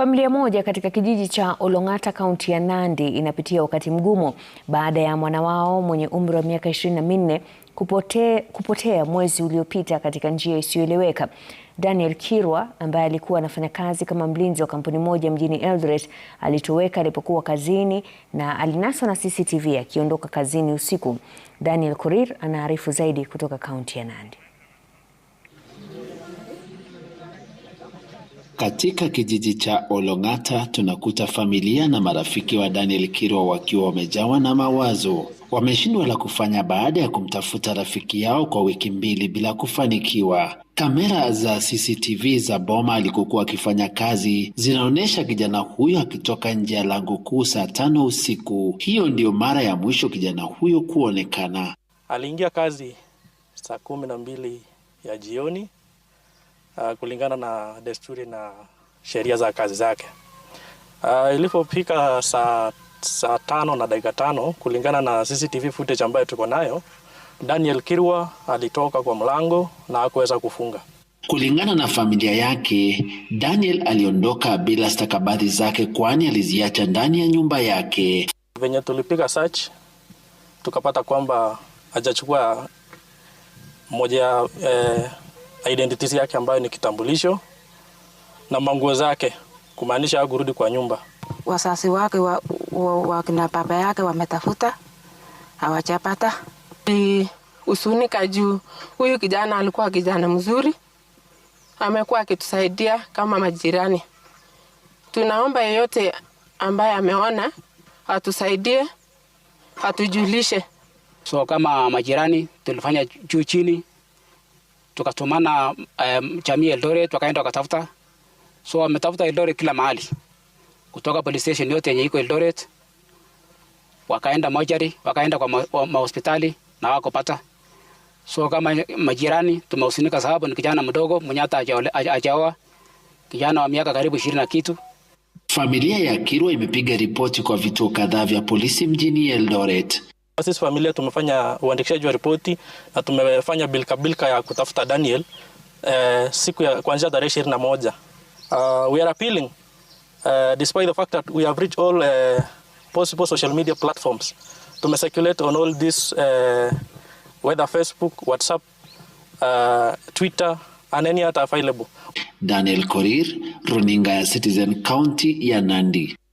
Familia moja katika kijiji cha Olong'ata kaunti ya Nandi inapitia wakati mgumu baada ya mwana wao mwenye umri wa miaka ishirini na minne kupote, kupotea mwezi uliopita katika njia isiyoeleweka. Daniel Kirwa ambaye alikuwa anafanya kazi kama mlinzi wa kampuni moja mjini Eldoret alitoweka alipokuwa kazini na alinaswa na CCTV akiondoka kazini usiku. Daniel Korir anaarifu zaidi kutoka kaunti ya Nandi. Katika kijiji cha Olong'ata tunakuta familia na marafiki wa Daniel Kirwa wakiwa wamejawa na mawazo. Wameshindwa la kufanya baada ya kumtafuta rafiki yao kwa wiki mbili bila kufanikiwa. Kamera za CCTV za boma alikokuwa akifanya kazi zinaonyesha kijana huyo akitoka nje ya lango kuu saa tano usiku. Hiyo ndiyo mara ya mwisho kijana huyo kuonekana. Aliingia kazi saa kumi na mbili ya jioni uh, kulingana na desturi na sheria za kazi zake. Uh, ilipofika saa, saa tano na dakika tano kulingana na CCTV footage ambayo tuko nayo, Daniel Kirwa alitoka kwa mlango na hakuweza kufunga. Kulingana na familia yake, Daniel aliondoka bila stakabadhi zake, kwani aliziacha ndani ya nyumba yake. Venye tulipiga search tukapata kwamba hajachukua moja eh, identity yake ambayo ni kitambulisho na manguo zake, kumaanisha hakurudi kwa nyumba. Wasasi wake wa, wa, wa kina baba yake wametafuta hawachapata. Usunika juu huyu kijana alikuwa kijana mzuri, amekuwa akitusaidia kama majirani. Tunaomba yeyote ambaye ameona atusaidie, atujulishe. So kama majirani tulifanya juu chini tukatumana um, jamii Eldore tukaenda wakatafuta. So wametafuta Eldore kila mahali, kutoka police station yote yenye iko Eldore, wakaenda mojari, wakaenda kwa mahospitali ma na wakopata. So kama majirani tumehusinika, sababu ni kijana mdogo mwenye hata hajaoa, kijana wa miaka karibu ishirini na kitu. Familia ya Kirwa imepiga ripoti kwa vituo kadhaa vya polisi mjini Eldoret sisi familia tumefanya uandikishaji wa ripoti na tumefanya bilka bilka ya kutafuta Daniel uh, siku ya kuanzia tarehe ishirini na moja. Uh, we are appealing uh, despite the fact that we have reached all uh, possible social media platforms circulate on all this uh, whether Facebook, WhatsApp, uh, Twitter and any other available. Daniel Korir, Runinga ya Citizen, County ya Nandi.